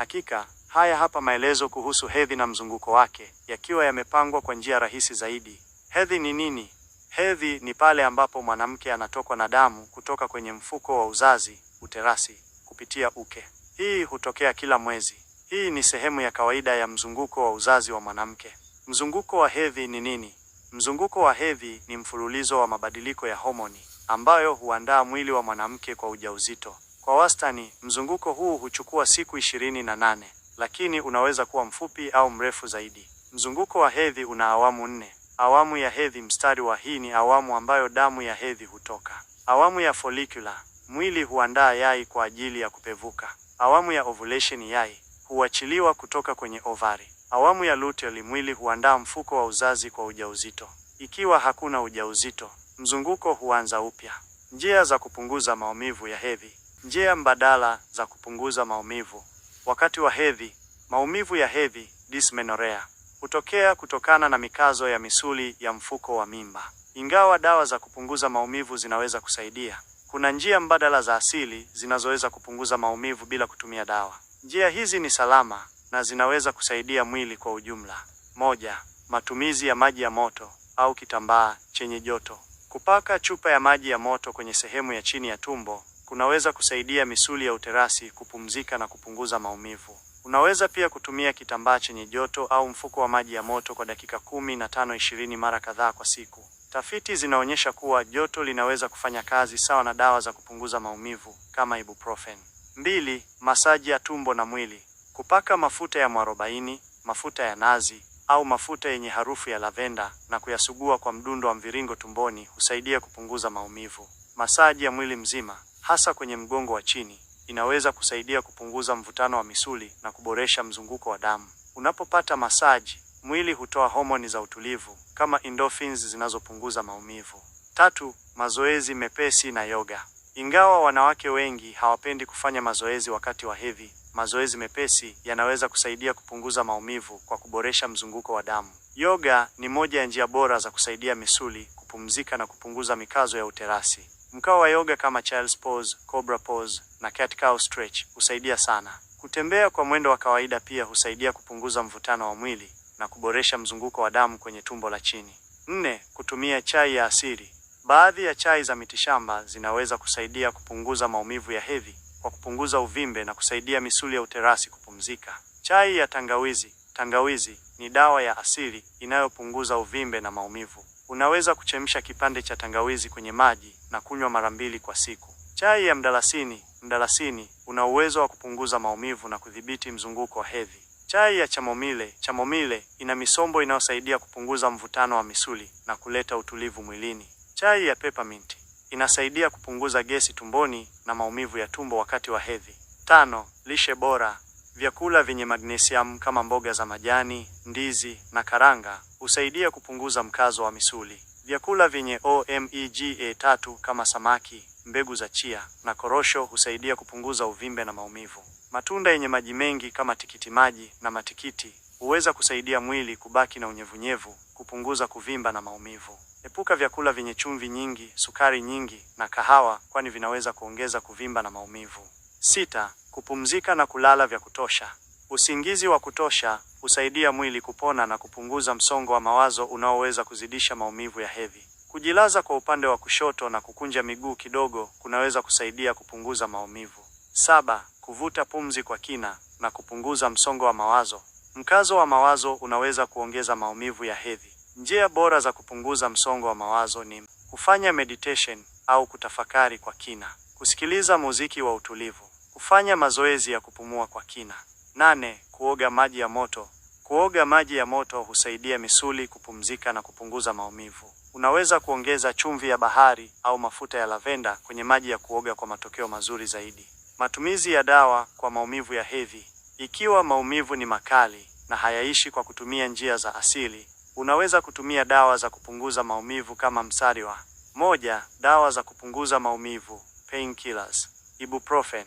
Hakika haya hapa maelezo kuhusu hedhi na mzunguko wake, yakiwa yamepangwa kwa njia rahisi zaidi. Hedhi ni nini? Hedhi ni pale ambapo mwanamke anatokwa na damu kutoka kwenye mfuko wa uzazi uterasi kupitia uke. Hii hutokea kila mwezi. Hii ni sehemu ya kawaida ya mzunguko wa uzazi wa mwanamke. Mzunguko wa hedhi ni nini? Mzunguko wa hedhi ni mfululizo wa mabadiliko ya homoni ambayo huandaa mwili wa mwanamke kwa ujauzito. Kwa wastani, mzunguko huu huchukua siku ishirini na nane, lakini unaweza kuwa mfupi au mrefu zaidi. Mzunguko wa hedhi una awamu nne. Awamu ya hedhi mstari wa hii ni awamu ambayo damu ya hedhi hutoka. Awamu ya follicular, mwili huandaa yai kwa ajili ya kupevuka. Awamu ya ovulation, yai huachiliwa kutoka kwenye ovari. Awamu ya luteal, mwili huandaa mfuko wa uzazi kwa ujauzito. Ikiwa hakuna ujauzito, mzunguko huanza upya. Njia za kupunguza maumivu ya hedhi. Njia mbadala za kupunguza maumivu wakati wa hedhi. Maumivu ya hedhi dysmenorrhea hutokea kutokana na mikazo ya misuli ya mfuko wa mimba. Ingawa dawa za kupunguza maumivu zinaweza kusaidia, kuna njia mbadala za asili zinazoweza kupunguza maumivu bila kutumia dawa. Njia hizi ni salama na zinaweza kusaidia mwili kwa ujumla. Moja, matumizi ya maji ya moto au kitambaa chenye joto. Kupaka chupa ya maji ya moto kwenye sehemu ya chini ya tumbo kunaweza kusaidia misuli ya uterasi kupumzika na kupunguza maumivu. Unaweza pia kutumia kitambaa chenye joto au mfuko wa maji ya moto kwa dakika kumi na tano ishirini mara kadhaa kwa siku. Tafiti zinaonyesha kuwa joto linaweza kufanya kazi sawa na dawa za kupunguza maumivu kama ibuprofen. Mbili, masaji ya tumbo na mwili. Kupaka mafuta ya mwarobaini, mafuta ya nazi au mafuta yenye harufu ya lavenda na kuyasugua kwa mdundo wa mviringo tumboni husaidia kupunguza maumivu. Masaji ya mwili mzima hasa kwenye mgongo wa chini, inaweza kusaidia kupunguza mvutano wa misuli na kuboresha mzunguko wa damu. Unapopata masaji, mwili hutoa homoni za utulivu kama endorphins zinazopunguza maumivu. Tatu, mazoezi mepesi na yoga. Ingawa wanawake wengi hawapendi kufanya mazoezi wakati wa hedhi, mazoezi mepesi yanaweza kusaidia kupunguza maumivu kwa kuboresha mzunguko wa damu. Yoga ni moja ya njia bora za kusaidia misuli kupumzika na kupunguza mikazo ya uterasi. Mkao wa yoga kama child's pose, cobra pose na cat cow stretch husaidia sana. Kutembea kwa mwendo wa kawaida pia husaidia kupunguza mvutano wa mwili na kuboresha mzunguko wa damu kwenye tumbo la chini. Nne, kutumia chai ya asili. Baadhi ya chai za mitishamba zinaweza kusaidia kupunguza maumivu ya hedhi kwa kupunguza uvimbe na kusaidia misuli ya uterasi kupumzika. Chai ya tangawizi. Tangawizi ni dawa ya asili inayopunguza uvimbe na maumivu. Unaweza kuchemsha kipande cha tangawizi kwenye maji na kunywa mara mbili kwa siku. Chai ya mdalasini. Mdalasini una uwezo wa kupunguza maumivu na kudhibiti mzunguko wa hedhi. Chai ya chamomile. Chamomile ina misombo inayosaidia kupunguza mvutano wa misuli na kuleta utulivu mwilini. Chai ya peppermint inasaidia kupunguza gesi tumboni na maumivu ya tumbo wakati wa hedhi. Tano, lishe bora. Vyakula vyenye magnesium kama mboga za majani, ndizi na karanga husaidia kupunguza mkazo wa misuli. Vyakula vyenye omega-3 kama samaki, mbegu za chia na korosho husaidia kupunguza uvimbe na maumivu. Matunda yenye maji mengi kama tikiti maji na matikiti huweza kusaidia mwili kubaki na unyevunyevu, kupunguza kuvimba na maumivu. Epuka vyakula vyenye chumvi nyingi, sukari nyingi na kahawa, kwani vinaweza kuongeza kuvimba na maumivu. Sita, kupumzika na kulala vya kutosha. Usingizi wa kutosha husaidia mwili kupona na kupunguza msongo wa mawazo unaoweza kuzidisha maumivu ya hedhi. Kujilaza kwa upande wa kushoto na kukunja miguu kidogo kunaweza kusaidia kupunguza maumivu. Saba, kuvuta pumzi kwa kina na kupunguza msongo wa mawazo. Mkazo wa mawazo unaweza kuongeza maumivu ya hedhi. Njia bora za kupunguza msongo wa mawazo ni kufanya meditation au kutafakari kwa kina, kusikiliza muziki wa utulivu, kufanya mazoezi ya kupumua kwa kina. Nane, kuoga maji ya moto. Kuoga maji ya moto husaidia misuli kupumzika na kupunguza maumivu. Unaweza kuongeza chumvi ya bahari au mafuta ya lavenda kwenye maji ya kuoga kwa matokeo mazuri zaidi. Matumizi ya dawa kwa maumivu ya hedhi. Ikiwa maumivu ni makali na hayaishi kwa kutumia njia za asili, unaweza kutumia dawa za kupunguza maumivu kama Msariwa. Moja, dawa za kupunguza maumivu, painkillers, ibuprofen,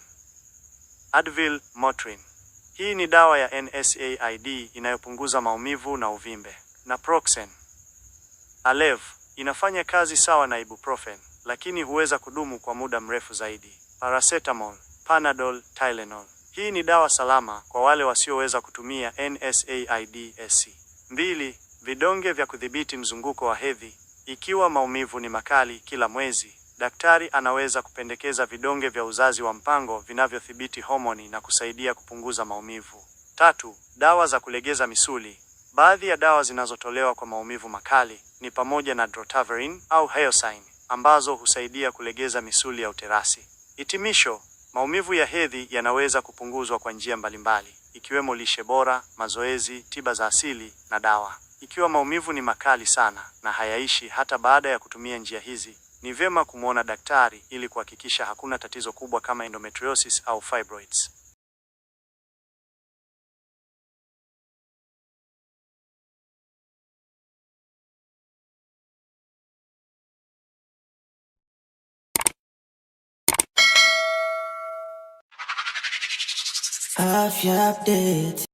Advil, Motrin. Hii ni dawa ya NSAID inayopunguza maumivu na uvimbe. Naproxen Alev inafanya kazi sawa na ibuprofen, lakini huweza kudumu kwa muda mrefu zaidi. Paracetamol, Panadol, Tylenol. Hii ni dawa salama kwa wale wasioweza kutumia NSAIDs. Mbili, vidonge vya kudhibiti mzunguko wa hedhi ikiwa maumivu ni makali kila mwezi daktari anaweza kupendekeza vidonge vya uzazi wa mpango vinavyothibiti homoni na kusaidia kupunguza maumivu. Tatu, dawa za kulegeza misuli. Baadhi ya dawa zinazotolewa kwa maumivu makali ni pamoja na Drotaverine au Hyoscine ambazo husaidia kulegeza misuli ya uterasi. Hitimisho, maumivu ya hedhi yanaweza kupunguzwa kwa njia mbalimbali, ikiwemo lishe bora, mazoezi, tiba za asili na dawa. Ikiwa maumivu ni makali sana na hayaishi hata baada ya kutumia njia hizi, ni vyema kumwona daktari ili kuhakikisha hakuna tatizo kubwa kama endometriosis au fibroids. Afya Update.